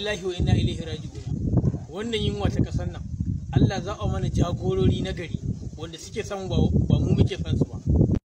lillahi wa inna ilaihi raji'un wannan yunwa ta kasan nan Allah za a mana jagorori na gari wanda suke san ba mu muke san su ba